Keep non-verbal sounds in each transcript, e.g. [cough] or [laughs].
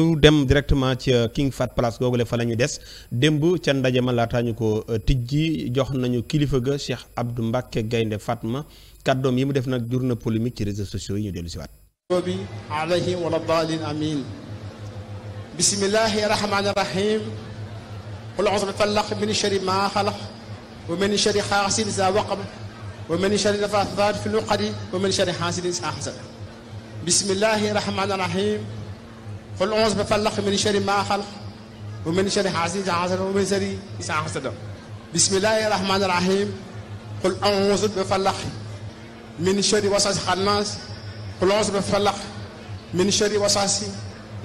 ñu dem directement ci euh, King Fat Palace googule fa la ñu des démb ca ndaje ma laataa ñu ko euh, tijji jox nañu kilifa ga Cheikh Abdou Mbacke Gaynde Fatma kàddoom yi mu def nag jur na polémique ci réseaux sociaux yi ñu dellu si waat bi alayhim wala dalin amin bismillahi rahmani rahim qul a'udhu bi falaq min sharri ma khalaq wa min sharri hasidin wa min sharri nafathat fil uqad bismillahi rahmani rahim xul onze ba fallaq min shari maa xalaq wa min shari xaasidin idaa xasad wa min shari idaa xasad bismillaahi rahmaani rahiim xul onze ba fallaq min shari wasaasi xannaas xul onze ba fallaq min shari wasaasi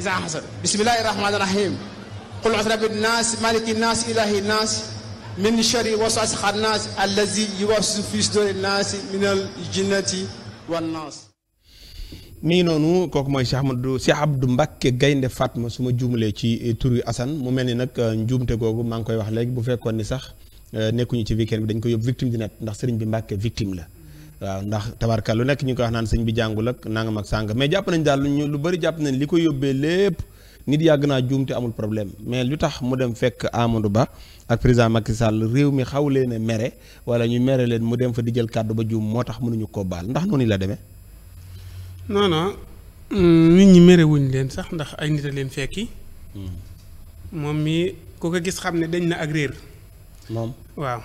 idaa xasad bismillaahi rahmaani rahiim xul onze rabbi naas maliki naas ilaahi naas min shari wasaasi xannaas allazi yuwaswisu fi suduuri naasi minal jinnati wannaas mi ngi noonu kooku mooy Cheikh Ahmadou Cheikh Abdou Mbacke Gaynde Fatma su ma juumalee ci eh, tur wi Assane mu mel ni nag eh, njuumte googu maa ngi koy wax léegi bu fekkoon ni sax eh, nekkuñu ci weekend bi dañ ko yóbbu victime di net ndax sëriñ bi Mbacke victime la ndax tabarka lu nekk ñu koy wax naan sëñ bi jàngul ak nangam ak sàng mais jàpp nañ daal ñu lu bëri jàpp nañ li ko yóbbee lépp nit yàgg naa juumte amul problème mais lu tax mu dem fekk Amadou Ba ak président Macky Sall réew mi xaw leen a mere wala ñu mere leen mu dem fa di jël kàddu ba juum moo tax mënuñu ko baal ndax noonu la demee non non mm, nit ñi merewuñ leen sax ndax ay nit a leen fekki. Hmm. moom mii ku ko gis xam ne dañ na ak réer. moom waaw.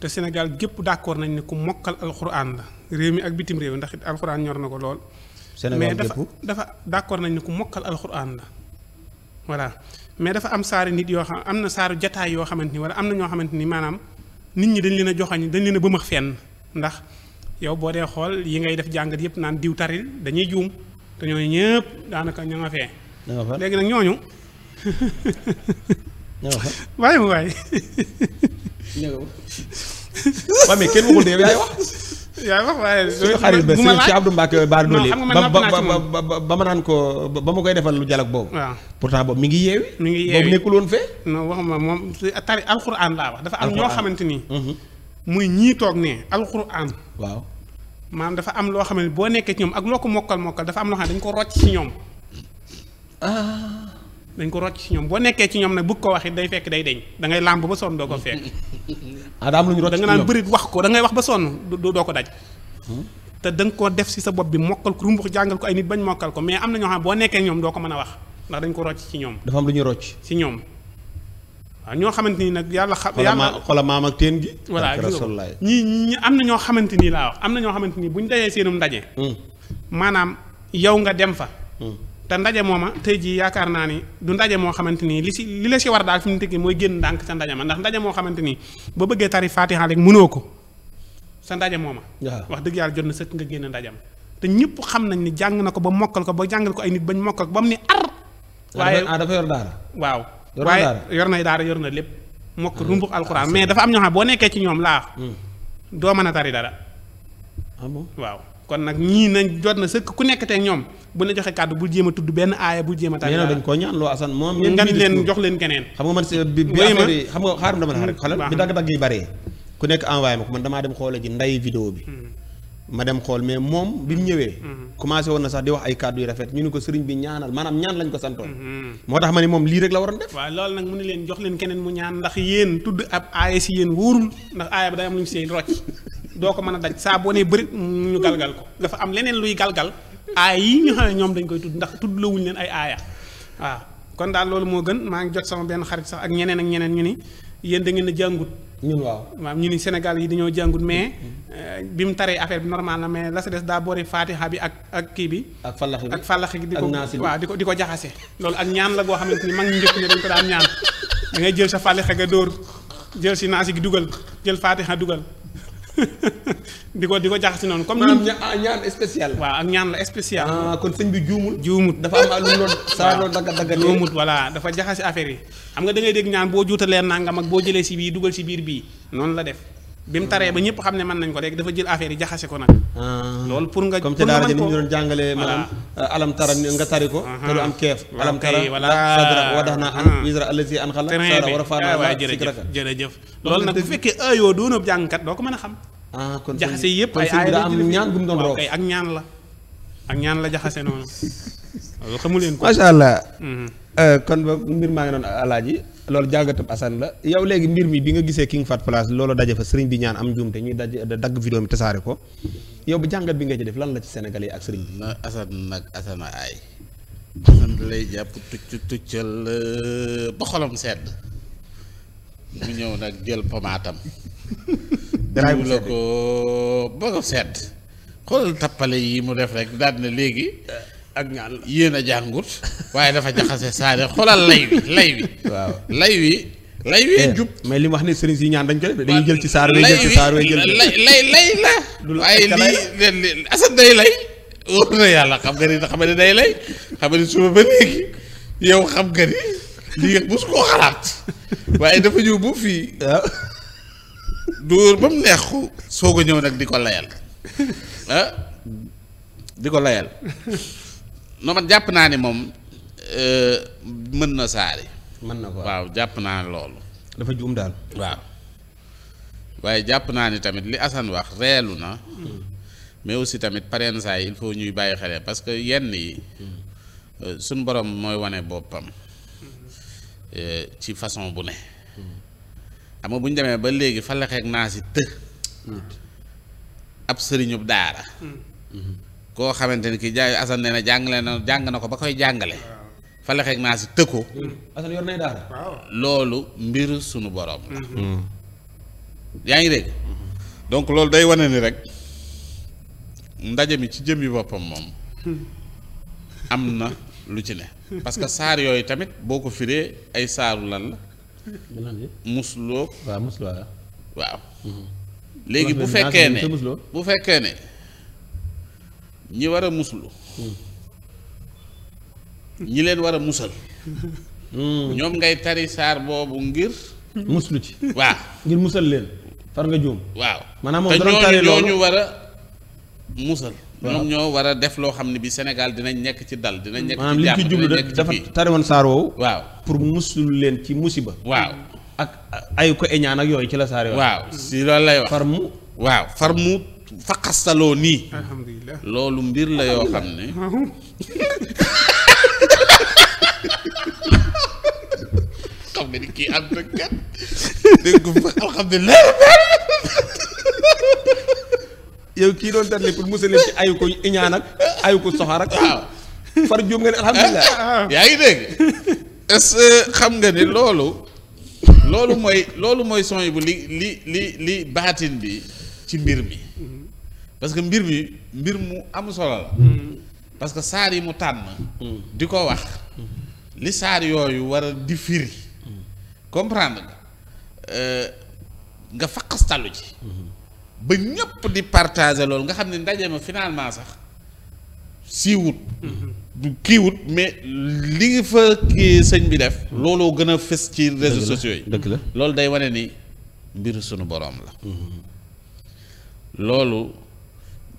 te Sénégal gépp d'accord nañ ne ku mokkal alxuraan la réew mi ak bitim réew ndax it alxuraan ñor na ko lool. Sénégal gépp mais dafa dafa d'accord nañ ne ku mokkal alxuraan la voilà mais dafa am saari nit yoo xam am na saaru jataay yoo xamante ni wala am na ñoo xamante ni maanaam nit ñi dañ leen a joxañ dañ leen a bëmax fenn ndax. yow boo dee xool yi ngay def jàngat yëpp naan diw taril dañuy juum te ñooñu ñëpp daanaka ña nga fee. léegi nag ñooñu. [laughs] waaye waaye. waaw waaye ba ba ma naan ko ba ma koy defal lu dialogue boobu. waaw pourtant boobu mi ngi yeewi. mi ngi yeewi boobu nekkul woon fee. non wax ma moom tari alxuraan laa wax. dafa am ñoo xamante ni. Mhm. muy ñii toog ne alxuraan. waaw maanaam dafa am loo xam ne boo nekkee ci ñoom ak loo ko mokkal mokkal dafa am loo xam ne dañu ko rocc ci ñoom. Ah. dañ ko rocc ci ñoom boo nekkee ci ñoom nag bëgg ko wax day fekk day deñ da ngay làmb ba sonn doo ko fekk. ah lu ñu rocc da nga naan bëri wax ko da wax ba sonn doo ko daj. Hmm? te da nga koo def si sa bopp bi mokkal ko rumbux jàngal ko ay nit bañ mokkal ko mais am na ñoo xam boo nekkee ñoom doo ko mën a wax ndax dañ ko rocc ci ñoom. dafa am lu ñuy rocc ci ñoom. ñoo xamante ni nag yàlla xam yàlla xola maam ak teen gi voilà ñi ñi am na ñoo xamante nii laa wax am na ñoo xamante nii bu ñu dajee seenum ndaje hmm. maanaam yow nga dem fa hmm. te ndaje mooma tey jii yaakaar naa ni du ndaje moo xamante nii li si li la si war daal mu tëgg mooy génn ndànk sa ndaje ma ndax ndaje moo xamante nii boo bëggee tari Faatiha rek mënoo ko sa ndaje mooma wax dëgg yàlla jot na sëkk nga génn ndajam te ñëpp xam nañ ni jàng na ko ba mokkal ko ba jàngal ko ay nit bañ mokkal ko ba mu ni ar ah, waaye ah, dafa yor daara waaw waaye yor nay daara yor na lépp mokk hmm. rumbux alxuraan ah, mais dafa am ñoo xam boo nekkee ci ñoom laa hmm. doo mën a tari dara ah waaw kon nag ñii nañ jot na sëkk ku nekk teeg ñoom bu la joxe kàddu bul jéem a tudd benn aaya bul jéem a tari dañ koo ñaan loo asan moom ngan leen jox leen keneen xam nga man si bi bi affaire xam nga xaarum dama la hmm. xaaral bi dagg-dagg yi bare ku nekk envoyé ma ko man dama dem xoole ji nday vidéo bi ma dem xool mais moom bi mu ñëwee. Mm-hmm. commencé woon na sax di wax ay kàddu yu rafet ñu ni ko sëriñ bi ñaanal maanaam ñaan lañ ko santoon. Mm-hmm. moo tax ma ne moom lii rek la waroon def. waaw loolu nag mu ni leen jox leen keneen mu ñaan ndax yéen tudd ab aaya si yéen wóorul ndax aaya ba day am lu ñu siy rocc [laughs] doo ko mën a daj saa boo nee bëri ñu galgal ko dafa am leneen luy galgal aaya yi ñu xam ne ñoom dañ koy tudd ndax tudd la wuñu leen ay aaya waaw kon daal loolu moo gën maa ngi jot sama benn xarit sax ak ñeneen ak ñeneen ñu ni yéen da ngeen a jàngut waaw maam ñu ni Sénégal yi dañoo jàngut mais euh, bi mu taree affaire bi normal na mais la sa des daa boori faatiha bi ak ak kii bi. ak fallax bi ak fallax bi di ko waaw di ko di ko jaxase. loolu ak ñaan la goo xamante ni mag ñu njëkk ne dañ ko daan ñaan da ngay jël sa fallax ga dóor jël si naasi gi dugal jël faatiha dugal. [laughs] di ko di ko jaxasi noonu comme ni ah, ñaan spécial waaw ak ñaan la spécial ah, kon sëñ bi juumul juumut dafa am lu loolu saa loolu dagga dagga juumut voilà dafa jaxasi affaire yi xam nga da ngay dégg ñaan boo juutalee nangam ak boo jëlee si biir dugal si biir bii noonu la def bi mu taree ba ñëpp xam ne man nañ ko léegi dafa jël affaire yi jaxase ko nag. Ah. loolu pour nga comme te daara ji ni doon jàngalee maanaam euh, alam tara nga tari ko. te du am keef. alam tara sadra wa dax naa an wisra allazi an xala sara war a ah, faana waa jërëjëf jërëjëf loolu nag bu fekkee ayoo doonab jàngkat doo ko mën a xam. ah kon jaxase yëpp ay ay am ñaan gum doon roof ak ñaan la ak ñaan la jaxase noonu [laughs] loolu xamu leen ko. macha allah. Mhm. Euh, kon ba mbir maa ngi doon alaaji loolu jàngatam asan la yow léegi mbir mi bi nga gisee King Fahd Palace loolu daje fa sëriñ bi ñaan am njuumte ñuy daj dagg vidéo mi tasaare ko yow bu jàngat bi nga ci def lan la ci Sénégal yi ak sëriñ bi. na asan nag asana aay asan lay jàpp tucc euh, sedd mu ñëw nag jël pomaatam. [laughs] daraay mu la ko sedd xoolal tappale yi mu def rek daal na léegi. Euh. ak ñaan yéen a jàngut waaye dafa jaxase saare xoolal lay wi lay wi. waaw lay wi. lay wee eh, jub mais li mu wax ne sëriñ si ñaan dañ koy def dañuy jël ci saar wee jël ci saar wee jël lay lay la waaye lii asat day lay yàlla xam nga ni xam nga day lay xam nga ni suba ba léegi yow xam nga ni dafa ñëw bu fii ah. dóor ba mu neex ko soog a ñëw nag di ko layal ah. di ko layal non man jàpp naa ni moom euh, mën na saari. mën na ko waaw jàpp naa ne loolu. dafa juum daal. waaw waaye jàpp naa ni tamit li Assane wax reelu na. mais aussi tamit pareen saa il faut ñuy bàyyi xel parce que yenn yi. Euh, suñ borom mooy wane boppam. Euh, ci façon bu ne. xam nga bu ñu demee ba léegi falaxeek naa si të. ab sëriñub daara. Mm-hmm. koo xamante ni ki jaay Assane nee na jàngale na jàng na ko ba koy jàngale. fa la naa si tëkko. Mm-hmm. Assane yor loolu mbir sunu borom la. Mm-hmm. Mm-hmm. yaa ngi dégg. donc loolu day wane ni rek ndaje mi ci jëmmi boppam moom [laughs] am na lu ci ne parce que saar yooyu tamit boo ko firee ay saaru lan la. musloo. waaw musloo waaw. léegi bu fekkee ne bu fekkee ne. ñi war a muslu leen war a musal hmm. ñoom ngay tari saar boobu ngir muslu ci waa ngir musal leen far nga juum waaw maanaam moom doon tari ñoo ñu war a musal ñoom ñoo war a def loo xam ne bi senegal dinañ nekk ci dal dinañ nekk ci jàmm dinañ nekk ci dafa tari woon saar woowu waaw pour muslu leen ci musiba waaw ak ay ko eñaan ak yooyu ci la saar yooyu waaw si loolu lay wax far mu waaw far mu faqasaloo nii. alhamdulilah loolu mbir la yoo xam ne. xam nga ni kii am na kat dégg nga alhamdulilah. yow kii doon tarli pour musal ci ayu ko iñaan ak ayu ko soxar ak. waaw far juum nga [laughs] yaa ngi dégg est xam nga ni loolu. loolu mooy loolu mooy son bu li li li li baatin bi ci mbir mi. Mm-hmm. parce que mbir mi mbir mu am solo la. Hmm. parce que saar yi mu tànn. Hmm. di ko wax. Hmm. li saar yooyu war a di firi. comprendre nga euh, nga faqastalu ci. ba ñëpp di partager loolu nga xam ne ndaje ma finalement sax siiwut. kiiwut mais li nga fa kii sëñ bi def. looloo gën a fës ci réseaux sociaux yi. la loolu day wane ni mbir sunu boroom la. loolu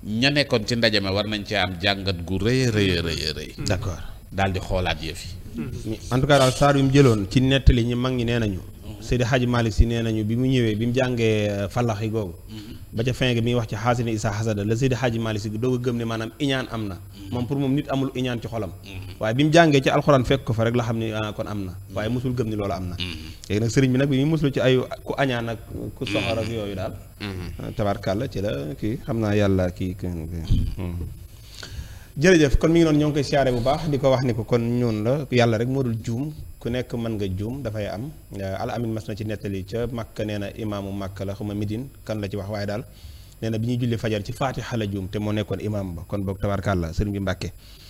ña nekkoon ci ndaje ma war nañ cee am jàngat gu rëy rëy rëy rëy. Mm. d'accord daal di xoolaat yëf yi. Mm. en tout saar yu mu jëloon ci nettali ñi mag ñi nee nañu. Mm. Seydi Hadji Malick Sy nee nañu bi mu ñëwee bi mu jàngee euh, fallax yi googu mm-hmm. ba ca fin gi mi ngi wax ci xaasini isa xasada la Seydi Hadji Malick Sy doog gëm ne maanaam iñaan am na mm-hmm. moom pour moom nit amul iñaan ci xolam mm-hmm. waaye bi mu jàngee ci alxuraan fekk ko fa rek la xam ne ah, kon am na waaye mosul gëm ni loolu am na léegi nag sëriñ bi nag bi ñu muslu ci ayu ku añaan ak ku soxor ak mm-hmm. yooyu daal mm-hmm. tabarkàlla ci la kii xam naa yàlla kii mm-hmm. jërëjëf kon mi ngi noonu ñoo ngi koy siyaare bu baax di ko wax ni ko kon ñoon la yàlla rek moo dul juum ku nekk mën nga juum dafay am euh, al amin mas na ci nettali ca Makka nee na imaamu Makka la xuma midin kan la ci wax waaye daal nee na bi ñuy julli fajar ci faati xale juum te moo nekkoon imaam ba kon boog tabarkàlla sëriñ bi Mbàkke